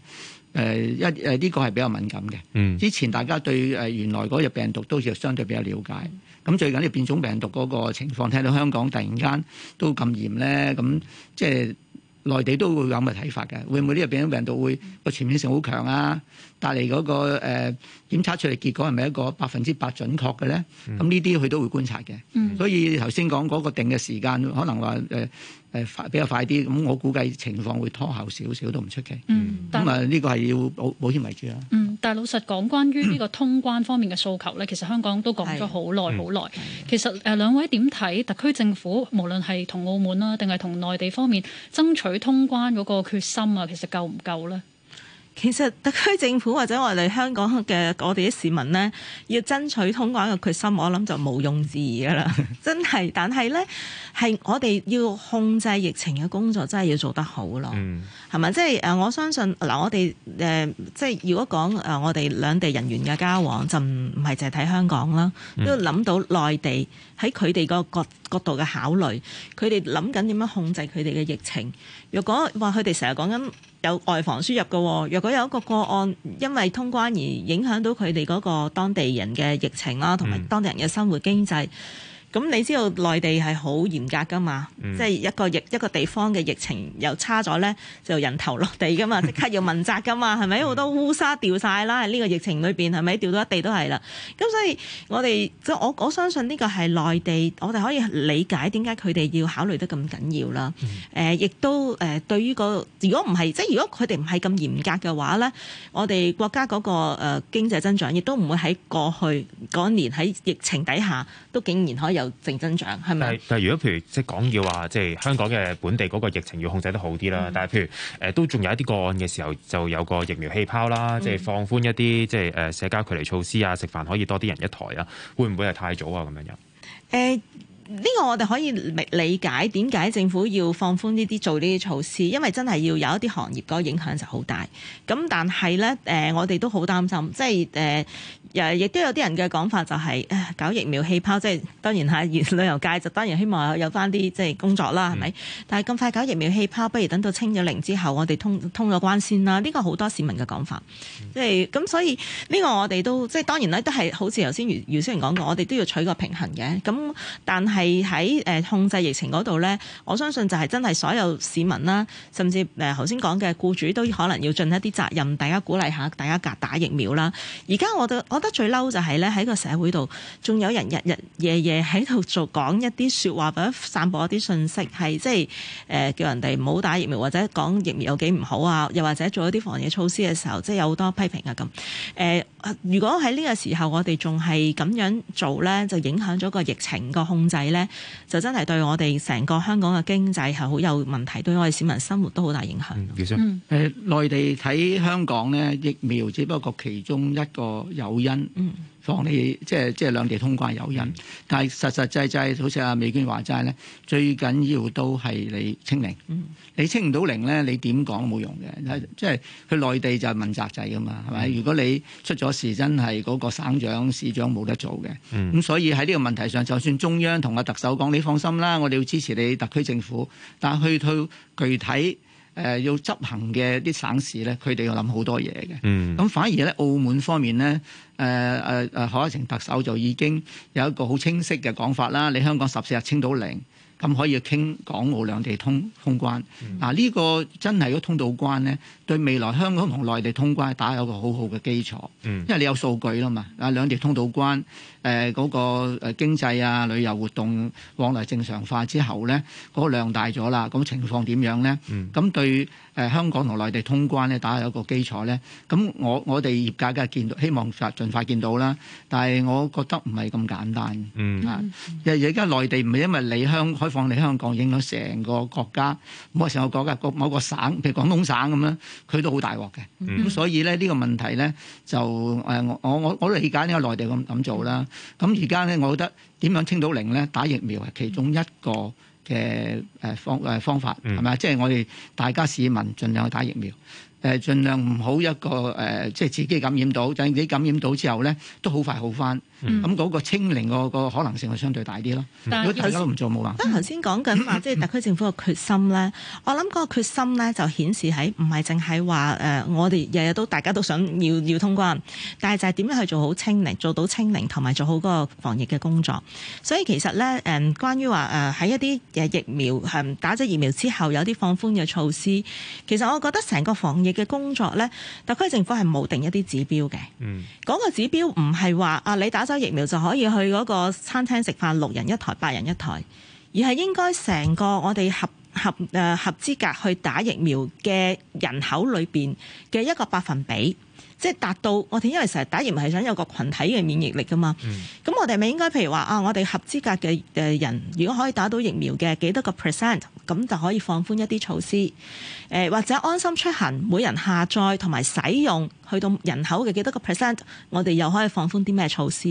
誒一誒呢個係比較敏感嘅、嗯。之前大家對誒原來嗰隻病毒都係相對比較了解。咁最緊要變種病毒嗰個情況，聽到香港突然間都咁嚴咧，咁即係內地都會有咁嘅睇法嘅。會唔會呢隻變種病毒會個傳染性好強啊？帶嚟嗰、那個誒、呃、檢測出嚟結果係咪一個百分之百準確嘅咧？咁呢啲佢都會觀察嘅、嗯。所以頭先講嗰個定嘅時間，可能話誒。呃誒快比較快啲，咁我估計情況會拖後少少都唔出奇。嗯，咁啊呢個係要保保險為主啦。嗯，但係老實講，關於呢個通關方面嘅訴求咧， [COUGHS] 其實香港都講咗好耐好耐。其實誒兩位點睇特區政府，無論係同澳門啦，定係同內地方面爭取通關嗰個決心啊，其實夠唔夠咧？其實特區政府或者我哋香港嘅我哋啲市民咧，要爭取通關嘅決心，我諗就毋庸置疑噶啦，真係。但係咧，係我哋要控制疫情嘅工作，真係要做得好咯，係、嗯、咪？即係、誒、我相信嗱，我哋誒，即係如果講誒，我哋兩地人員嘅交往就唔係淨係睇香港啦，都要諗到內地喺佢哋個角角度嘅考慮，佢哋諗緊點樣控制佢哋嘅疫情。若果話佢哋成日講緊。有外防輸入嘅，若果有一個個案，因為通關而影響到佢哋嗰個當地人嘅疫情啦，同埋當地人嘅生活經濟。咁你知道內地係好嚴格噶嘛？嗯、即係一個疫一個地方嘅疫情又差咗咧，就人頭落地噶嘛，即刻要問責噶嘛，係咪？好多烏紗掉晒啦，呢個疫情裏邊係咪掉到一地都係啦？咁所以我哋即我我相信呢個係內地，我哋可以理解點解佢哋要考慮得咁緊要啦。誒、嗯、亦、呃、都誒、呃、對於個如果唔係即係如果佢哋唔係咁嚴格嘅話咧，我哋國家嗰、那個誒、呃、經濟增長亦都唔會喺過去嗰年喺疫情底下都竟然可以。就正增長係咪？但係，但係如果譬如即係講要話，即係香港嘅本地嗰個疫情要控制得好啲啦。嗯。但係，譬如誒都仲有一啲個案嘅時候，就有個疫苗氣泡啦，即係放寬一啲即係誒社交距離措施啊，食飯可以多啲人一台啊，會唔會係太早啊？咁樣樣誒，呢個我哋可以理解點解政府要放寬呢啲做呢啲措施，因為真係要有一啲行業個影響就好大。咁但係咧，誒我哋都好擔心，即係誒誒，亦都有啲人嘅講法就係。搞疫苗氣泡，即係當然嚇，旅遊界就當然希望有有返啲即係工作啦，係咪？嗯、但係咁快搞疫苗氣泡，不如等到清咗零之後，我哋通通咗關先啦。呢個好多市民嘅講法，即係咁，所以呢、呢個我哋都即係當然咧，都係好似頭先姚姚先人講過，我哋都要取個平衡嘅。咁、嗯、但係喺誒控制疫情嗰度呢，我相信就係真係所有市民啦，甚至誒頭先講嘅僱主都可能要盡一啲責任，大家鼓勵一下大家夾打疫苗啦。而家我覺得最嬲就係呢，喺個社會度。仲有人日日夜夜喺度做講一啲說話，或者散播一啲信息，係即係誒、呃、叫人哋唔好打疫苗或者講疫苗有幾唔好啊，又或者做一啲防疫措施嘅時候，即係有好多批評啊咁。誒、呃，如果喺呢個時候我哋仲係咁樣做咧，就影響咗個疫情個控制咧，就真係對我哋成個香港嘅經濟係好有問題，對我哋市民生活都好大影響。嗯，其實誒，嗯、呃、內地睇香港咧，疫苗只不過其中一個誘因。嗯。放你即係即，即兩地通關有因，嗯、但係實實際、就、際、是、好似阿美娟話齋咧，最緊要都係你清零，嗯、你清唔到零咧，你點講都冇用嘅。即係去內地就係問責制㗎嘛，係咪、嗯？如果你出咗事，真係嗰個省長、市長冇得做嘅。咁、嗯、所以喺呢個問題上，就算中央同阿特首講你放心啦，我哋要支持你特區政府，但係去到具體。誒、呃、要執行嘅啲省市咧，佢哋要諗好多嘢嘅。咁、嗯、反而咧，澳門方面咧，誒誒誒，賀一誠特首就已經有一個好清晰嘅講法啦。你香港十四日清到零。咁可以傾港澳兩地通通關，嗱、嗯、呢、這個真係個通道關呢，對未來香港同內地通關打有個好好嘅基礎、嗯，因為你有數據啦嘛，啊兩地通道關，誒、呃、嗰、那個誒經濟啊旅遊活動往嚟正常化之後呢，嗰、那個量大咗啦，咁情況點樣呢？咁、嗯、對。呃、香港同內地通關咧，打有一個基礎咧。咁我我哋業界梗係見到，希望快盡快見到啦。但係我覺得唔係咁簡單。嗯啊，因而家內地唔係因為你香開放你香港，影響成個國家。唔係、嗯、成個國家，某個省，譬如廣東省咁啦，佢都好大鑊嘅。咁、嗯、所以咧，呢、這個問題咧就我我我理解內、啊、呢個內地咁咁做啦。咁而家咧，我覺得點樣清到零咧？打疫苗係其中一個。嘅誒方誒方法係咪啊？是嗯、即係我哋大家市民盡量去打疫苗。誒，儘量唔好一個誒，即係自己感染到，就自己感染到之後咧，都好快好翻。咁、嗯、嗰、嗰個清零個可能性係相對大啲咯。但、嗯、如果大家都唔做冇啦。咁頭先講緊話即係特區政府嘅決心咧，我諗嗰個決心咧就顯示喺唔係淨係話誒，我哋日日都大家都想要要通關，但係就係點樣去做好清零、做到清零，同埋做好嗰個防疫嘅工作。所以其實咧，誒、嗯，關於話誒喺一啲疫苗打咗疫苗之後有啲放寬嘅措施，其實我覺得成個防疫。嘅工作咧，特區政府係冇定一啲指標嘅。嗯，嗰個指標唔係話啊，你打咗疫苗就可以去嗰個餐廳食飯六人一枱、八人一枱，而係應該成個我哋合合誒合資格去打疫苗嘅人口裏面嘅一個百分比。即係達到我哋，因為成日打疫苗係想有個群體嘅免疫力㗎嘛。咁我哋咪應該，譬如話啊，我哋合資格嘅人，如果可以打到疫苗嘅幾多個 percent，咁就可以放寬一啲措施，誒、呃、或者安心出行，每人下載同埋使用。去到人口嘅幾多個 percent，我哋又可以放寬啲咩措施？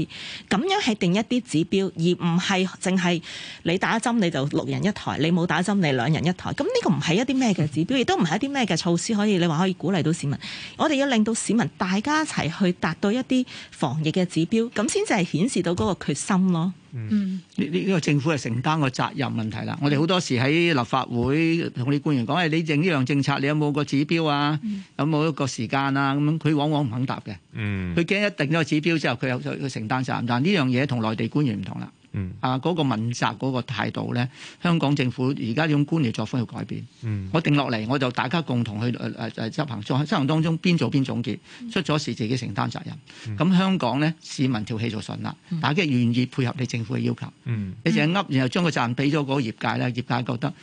咁樣係定一啲指標，而唔係淨係你打針你就六人一台，你冇打針你兩人一台。咁呢個唔係一啲咩嘅指標，亦都唔係一啲咩嘅措施，可以你話可以鼓勵到市民。我哋要令到市民大家一齊去達到一啲防疫嘅指標，咁先至係顯示到嗰個決心咯。嗯，呢、這、呢個政府係承擔個責任問題啦。我哋好多時喺立法會同啲官員講，誒、哎，你認呢樣政策，你有冇個指標啊？有冇一個時間啊？咁、嗯、佢往往唔肯答嘅。嗯，佢驚一定咗個指標之後，佢又就佢承擔責任。但呢樣嘢同內地官員唔同啦。嗯，啊，嗰、那個問責嗰、那個態度咧，香港政府而家用官僚作風要改變。嗯，我定落嚟，我就大家共同去誒誒誒執行，中執行當中邊做邊總結，出咗事自己承擔責任。咁、嗯、香港咧，市民條氣就順啦，大、嗯、家願意配合你政府嘅要求。嗯，你淨係噏，然後將個責任俾咗嗰個業界咧、嗯，業界覺得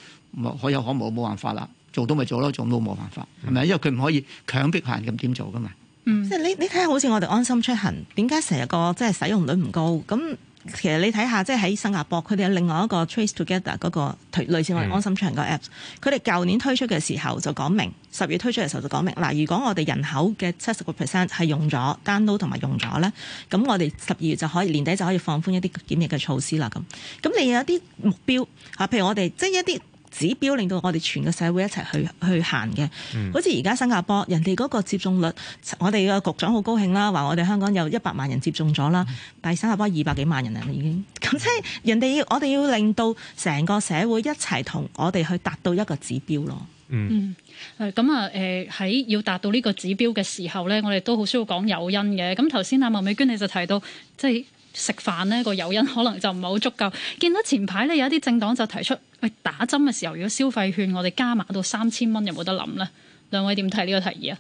可有可冇，冇辦法啦，做都咪做咯，做唔到冇辦法，係、嗯、咪？因為佢唔可以強迫客人咁點做噶嘛。嗯，即係你你睇下，好似我哋安心出行，點解成日個即係、就是、使用率唔高咁？其實你睇下，即係喺新加坡，佢哋有另外一個 Trace Together 嗰個類似我哋安心出行個 Apps。佢哋舊年推出嘅時候就講明，十月推出嘅時候就講明，嗱，如果我哋人口嘅七十個 percent 係用咗 download 同埋用咗咧，咁我哋十二月就可以年底就可以放寬一啲檢疫嘅措施啦。咁，咁你有一啲目標吓，譬如我哋即係一啲。指標令到我哋全個社會一齊去去行嘅，好似而家新加坡人哋嗰個接種率，我哋個局長好高興啦，話我哋香港有一百萬人接種咗啦，但係新加坡二百幾萬人啊已經，咁即係人哋要我哋要令到成個社會一齊同我哋去達到一個指標咯。嗯，誒咁啊誒喺要達到呢個指標嘅時候咧，我哋都好需要講誘因嘅。咁頭先阿麥美娟你就提到即係。食飯咧，個誘因可能就唔係好足夠。見到前排咧有一啲政黨就提出，喂，打針嘅時候如果消費券我哋加碼到三千蚊有冇得諗咧？兩位點睇呢個提議啊？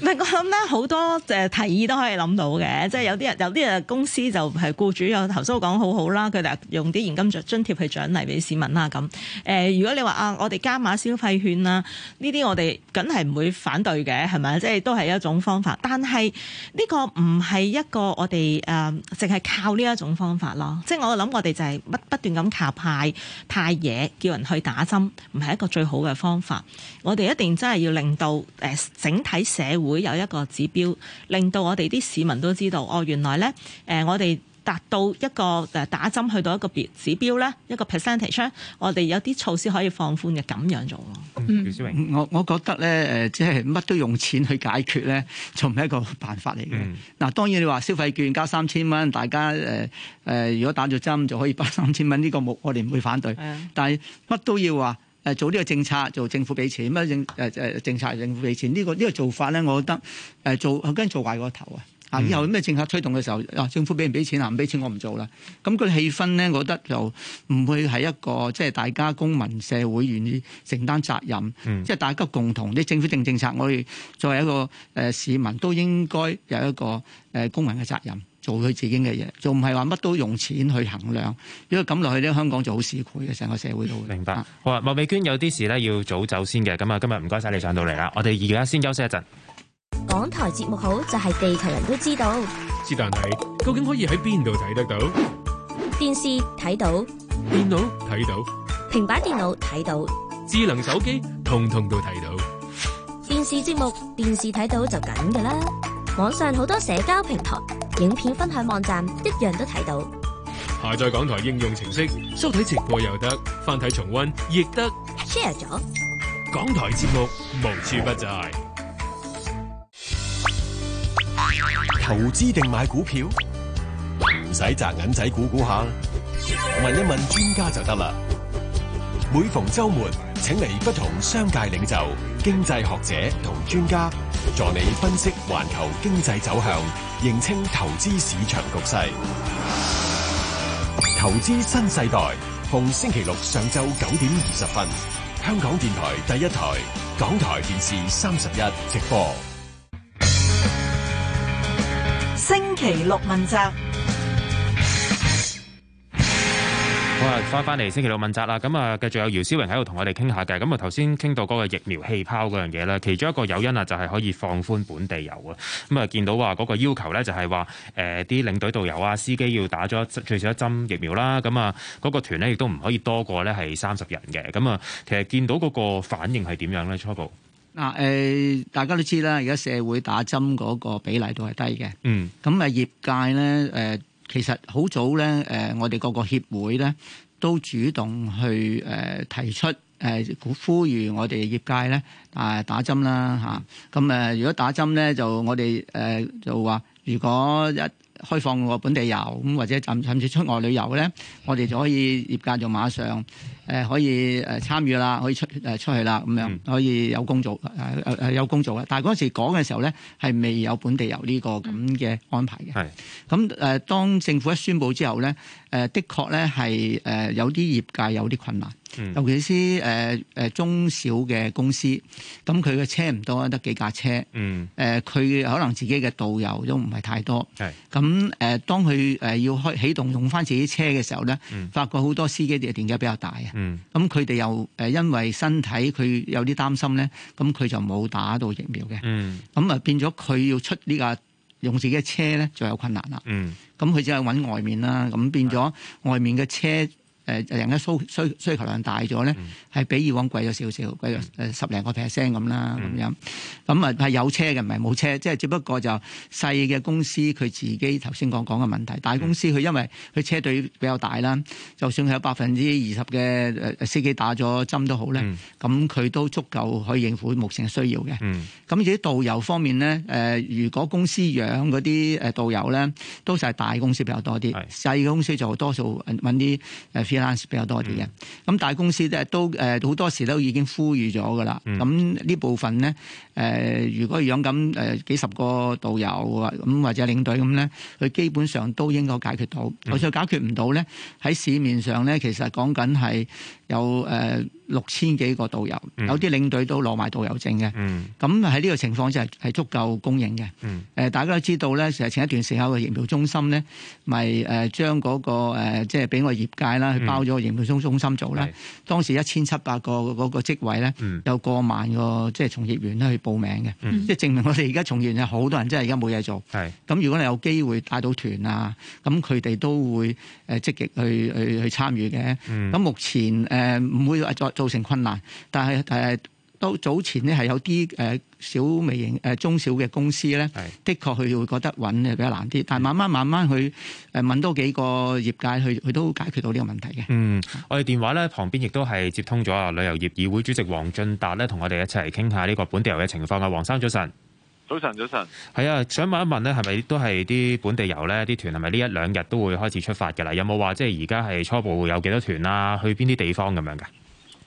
唔 [LAUGHS] 係我諗咧，好多誒提議都可以諗到嘅，即係有啲人有啲人公司就係僱主有頭先講很好好啦，佢哋用啲現金獎津貼去獎勵俾市民啦咁。誒、呃，如果你話啊，我哋加碼消費券啦，呢啲我哋梗係唔會反對嘅，係咪？即係都係一種方法。但係呢個唔係一個我哋誒，淨係靠呢一種方法咯。即係我諗，我哋就係不不斷咁靠派派嘢，叫人去打針，唔係一個最好嘅方法。我哋一定真係。要令到整體社會有一個指標，令到我哋啲市民都知道，哦，原來咧、呃、我哋達到一個打針去到一個別指標咧，一個 percentage 咧，我哋有啲措施可以放寬嘅咁樣做。嗯，嗯我我覺得咧、呃、即係乜都用錢去解決咧，就唔係一個辦法嚟嘅。嗱，當然你話消費券加三千蚊，大家、呃呃、如果打咗針就可以包三千蚊呢個目，我哋唔會反對。但係乜都要話。做呢個政策，做政府俾錢，咁政，誒誒政策，政府俾錢呢個呢個做法咧，我覺得誒做驚做壞個頭啊啊！以後咩政策推動嘅時候啊，政府俾唔俾錢啊？唔俾錢我唔做啦。咁佢氣氛咧，我覺得就唔會係一個即係、就是、大家公民社會願意承擔責任，即、嗯、係、就是、大家共同啲政府定政策，我哋作為一個誒、呃、市民都應該有一個誒、呃、公民嘅責任。做佢自己嘅嘢，仲唔係話乜都用錢去衡量。如果咁落去咧，香港就好市儈嘅，成個社會都會明白。好啊，麥美娟有啲事咧要早走先嘅。咁啊，今日唔該晒你上到嚟啦。我哋而家先休息一陣。港台節目好就係地球人都知道。是但係，究竟可以喺邊度睇得到？電視睇到，電腦睇到，平板電腦睇到，智能手機通通都睇到。電視節目，電視睇到就梗嘅啦，網上好多社交平台。影片分享網站一樣都睇到，下載港台應用程式收睇直播又得，翻睇重溫亦得。share 咗，港台節目無處不在。投資定買股票，唔使賺銀仔，估估下，問一問專家就得啦。每逢周末，請嚟不同商界領袖、經濟學者同專家。助你分析環球經濟走向，認清投資市場局勢。投資新世代，逢星期六上晝九點二十分，香港電台第一台、港台電視三十一直播。星期六問責。我係翻翻嚟，星期六問責啦，咁啊繼續有姚思榮喺度同我哋傾下嘅。咁啊頭先傾到嗰個疫苗氣泡嗰樣嘢啦，其中一個誘因啊就係可以放寬本地遊啊，咁啊見到話嗰個要求咧就係話誒啲領隊導遊啊司機要打咗最少一針疫苗啦，咁啊嗰個團咧亦都唔可以多過咧係三十人嘅。咁啊其實見到嗰個反應係點樣咧？初步嗱，誒，大家都知啦，而家社會打針嗰個比例都係低嘅，嗯，咁啊業界咧誒。呃其實好早咧，誒我哋各個協會咧都主動去誒提出誒呼籲我哋業界咧打針啦，吓，咁，誒如果打針咧就我哋誒就話如果一。開放個本地遊咁，或者甚至出外旅遊咧，我哋就可以業界就馬上誒、呃、可以誒參與啦，可以出誒出去啦，咁樣可以有工做誒誒、呃、有工做啦。但係嗰陣時講嘅時候咧，係未有本地遊呢個咁嘅安排嘅。係咁誒，當政府一宣布之後咧，誒、呃、的確咧係誒有啲業界有啲困難。尤其是誒誒、呃、中小嘅公司，咁佢嘅車唔多，得幾架車。嗯。誒、呃，佢可能自己嘅導遊都唔係太多。係。咁誒、呃，當佢誒要開起動用翻自己車嘅時候咧，嗯。發覺好多司機嘅年紀比較大啊。嗯。咁佢哋又誒，因為身體佢有啲擔心咧，咁佢就冇打到疫苗嘅。嗯。咁啊，變咗佢要出呢架用自己嘅車咧，就有困難啦。嗯。咁佢就去揾外面啦，咁變咗外面嘅車。誒人嘅需需需求量大咗咧，係比以往貴咗少少了，貴咗誒十零個 percent 咁啦，咁樣咁啊，係有車嘅，唔係冇車，即係只不過就細嘅公司佢自己頭先講講嘅問題，大公司佢因為佢車隊比較大啦，就算佢有百分之二十嘅誒司機打咗針都好咧，咁、嗯、佢都足夠可以應付目前嘅需要嘅。咁而啲導遊方面咧，誒、呃、如果公司養嗰啲誒導遊咧，都就係大公司比較多啲，細嘅公司就多數揾啲誒。比較多啲嘅，咁大公司都誒好、呃、多時都已經呼籲咗噶啦。咁、嗯、呢部分咧誒，如果養咁誒幾十個導遊啊，咁或者領隊咁咧，佢、嗯、基本上都應該解決到。嗯、或者是解決唔到咧，喺市面上咧，其實講緊係。有誒六千幾個導遊，嗯、有啲領隊都攞埋導遊證嘅。咁喺呢個情況就係係足夠供應嘅。誒、嗯呃、大家都知道咧，就係前一段時候嘅疫苗中心咧，咪、就、誒、是呃、將嗰、那個即係俾我業界啦去包咗個疫苗中中心做啦、嗯。當時一千七百個嗰、那個職位咧、嗯，有過萬個即係、就是、從業員咧去報名嘅，即、嗯、係證明我哋而家從業員有好多人即係而家冇嘢做。咁、嗯、如果你有機會帶到團啊，咁佢哋都會誒積極去去去參與嘅。咁、嗯、目前誒。呃誒、呃、唔會話再造成困難，但係誒都早前呢係有啲誒、呃、小微型誒、呃、中小嘅公司咧，的確佢會覺得揾誒比較難啲，但係慢慢慢慢去誒、呃、問多幾個業界，佢佢都解決到呢個問題嘅。嗯，我哋電話咧旁邊亦都係接通咗旅遊業議會主席黃俊達咧，同我哋一齊傾下呢個本地遊嘅情況啊，黃生早晨。早晨，早晨。係啊，想問一問咧，係咪都係啲本地遊咧？啲團係咪呢一兩日都會開始出發嘅啦？有冇話即係而家係初步有幾多團啦、啊？去邊啲地方咁樣嘅？誒、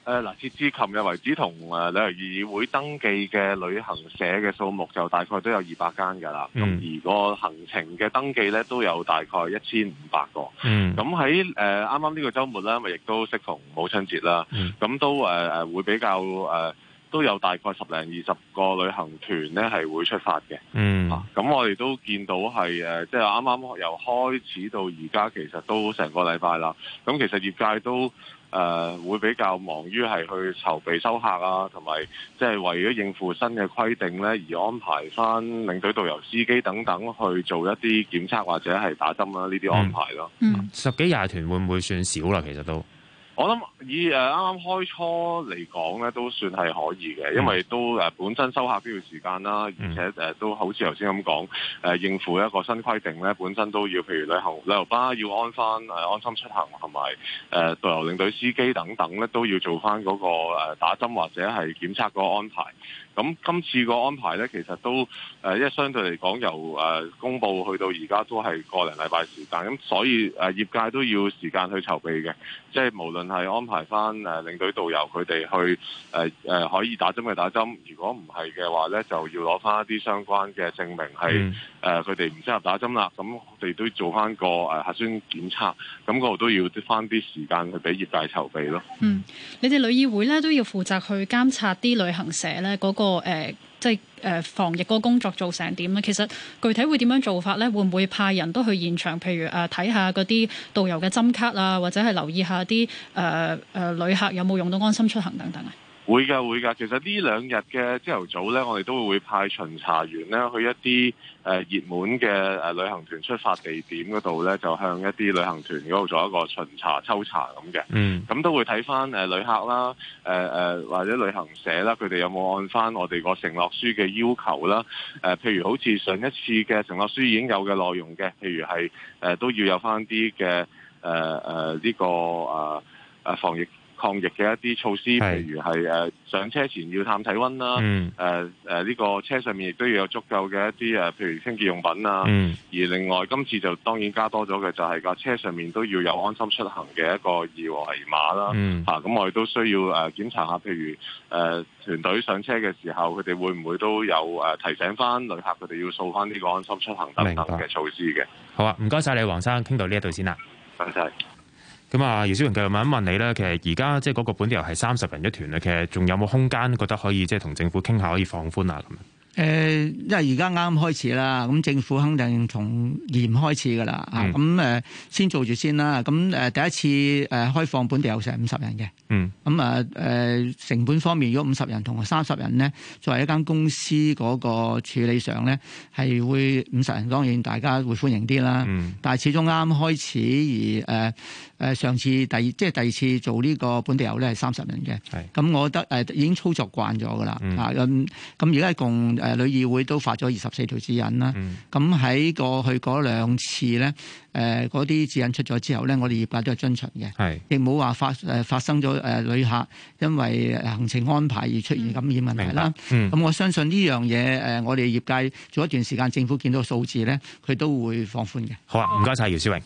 呃，嗱，截至琴日為止，同誒旅遊議會登記嘅旅行社嘅數目就大概都有二百間噶啦。咁、嗯、而個行程嘅登記咧都有大概一千五百個。嗯。咁喺誒啱啱呢個周末咧，咪亦都適逢母親節啦。咁、嗯、都誒誒、呃、會比較誒。呃都有大概十零二十個旅行團咧，係會出發嘅。嗯，咁、啊、我哋都見到係即係啱啱由開始到而家，其實都成個禮拜啦。咁其實業界都誒、呃、會比較忙於係去籌備收客啊，同埋即係為咗應付新嘅規定咧，而安排返領隊、導遊、司機等等去做一啲檢測或者係打針啦、啊，呢啲安排咯、嗯。嗯，十幾廿團會唔會算少啦？其實都。我諗以誒啱啱開初嚟講咧，都算係可以嘅，因為都誒本身收客必要時間啦，而且誒都好似頭先咁講，誒應付一個新規定咧，本身都要譬如旅行旅遊巴要安翻誒安心出行，同埋誒導遊領隊、司機等等咧，都要做翻嗰個誒打針或者係檢測嗰個安排。咁今次個安排咧，其實都誒，一相對嚟講由誒公佈去到而家都係個零禮拜時間，咁所以誒業界都要時間去籌備嘅，即係無論。係安排翻誒領隊導遊佢哋去誒誒，呃，可以打針嘅打針，如果唔係嘅話咧，就要攞翻一啲相關嘅證明係誒佢哋唔適合打針啦。咁我哋都做翻個誒核酸檢測，咁我都要啲翻啲時間去俾業界籌備咯。嗯，你哋旅議會咧都要負責去監察啲旅行社咧嗰個，呃即係誒、呃、防疫嗰個工作做成點咧？其實具體會點樣做法咧？會唔會派人都去現場？譬如誒睇下嗰啲導遊嘅針卡啊，或者係留意一下留意下啲誒誒旅客有冇用到安心出行等等啊？會噶會噶，其實呢兩日嘅朝頭早咧，我哋都會派巡查員咧去一啲誒、呃、熱門嘅誒、呃、旅行團出發地點嗰度咧，就向一啲旅行團嗰度做一個巡查抽查咁嘅。Mm. 嗯，咁都會睇翻誒旅客啦，誒、呃、誒或者旅行社啦，佢哋有冇按翻我哋個承諾書嘅要求啦？誒、呃，譬如好似上一次嘅承諾書已經有嘅內容嘅，譬如係誒、呃、都要有翻啲嘅誒誒呢個啊、呃、防疫。抗疫嘅一啲措施，譬如係誒上車前要探體温啦，誒誒呢個車上面亦都要有足夠嘅一啲誒，譬如清潔用品啦、嗯。而另外今次就當然加多咗嘅就係架車上面都要有安心出行嘅一個二維碼啦。嚇、嗯，咁、啊、我哋都需要誒檢查下，譬如誒團隊上車嘅時候，佢哋會唔會都有誒提醒翻旅客佢哋要掃翻呢個安心出行等等嘅措施嘅。好啊，唔該晒你，黃生傾到呢一度先啦。唔該。咁啊，姚思榮繼續問一問你咧，其實而家即係嗰個本地遊係三十人一團咧，其實仲有冇空間？覺得可以即係同政府傾下，可以放寬啊？咁、呃、誒，因為而家啱開始啦，咁政府肯定從嚴開始噶啦，咁、嗯、誒、啊、先做住先啦。咁誒、呃、第一次誒、呃、開放本地遊成五十人嘅，嗯，咁啊誒成本方面，如果五十人同三十人咧，作為一間公司嗰個處理上咧，係會五十人，當然大家會歡迎啲啦、嗯。但係始終啱啱開始而誒。呃誒上次第即係第二次做呢個本地遊咧係三十人嘅，咁我覺得誒已經操作慣咗㗎啦，嚇咁咁而家共誒旅議會都發咗二十四條指引啦，咁、嗯、喺過去嗰兩次咧誒嗰啲指引出咗之後咧，我哋業界都係遵循嘅，亦冇話發誒發生咗誒旅客因為行程安排而出現感染問題啦，咁、嗯、我相信呢樣嘢誒我哋業界做一段時間，政府見到數字咧，佢都會放寬嘅。好啊，唔該晒，姚思榮。